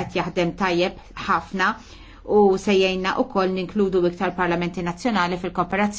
qed jaħdem tajjeb ħafna u sejjajna u koll ninkludu iktar parlamenti nazzjonali fil-kooperazzjoni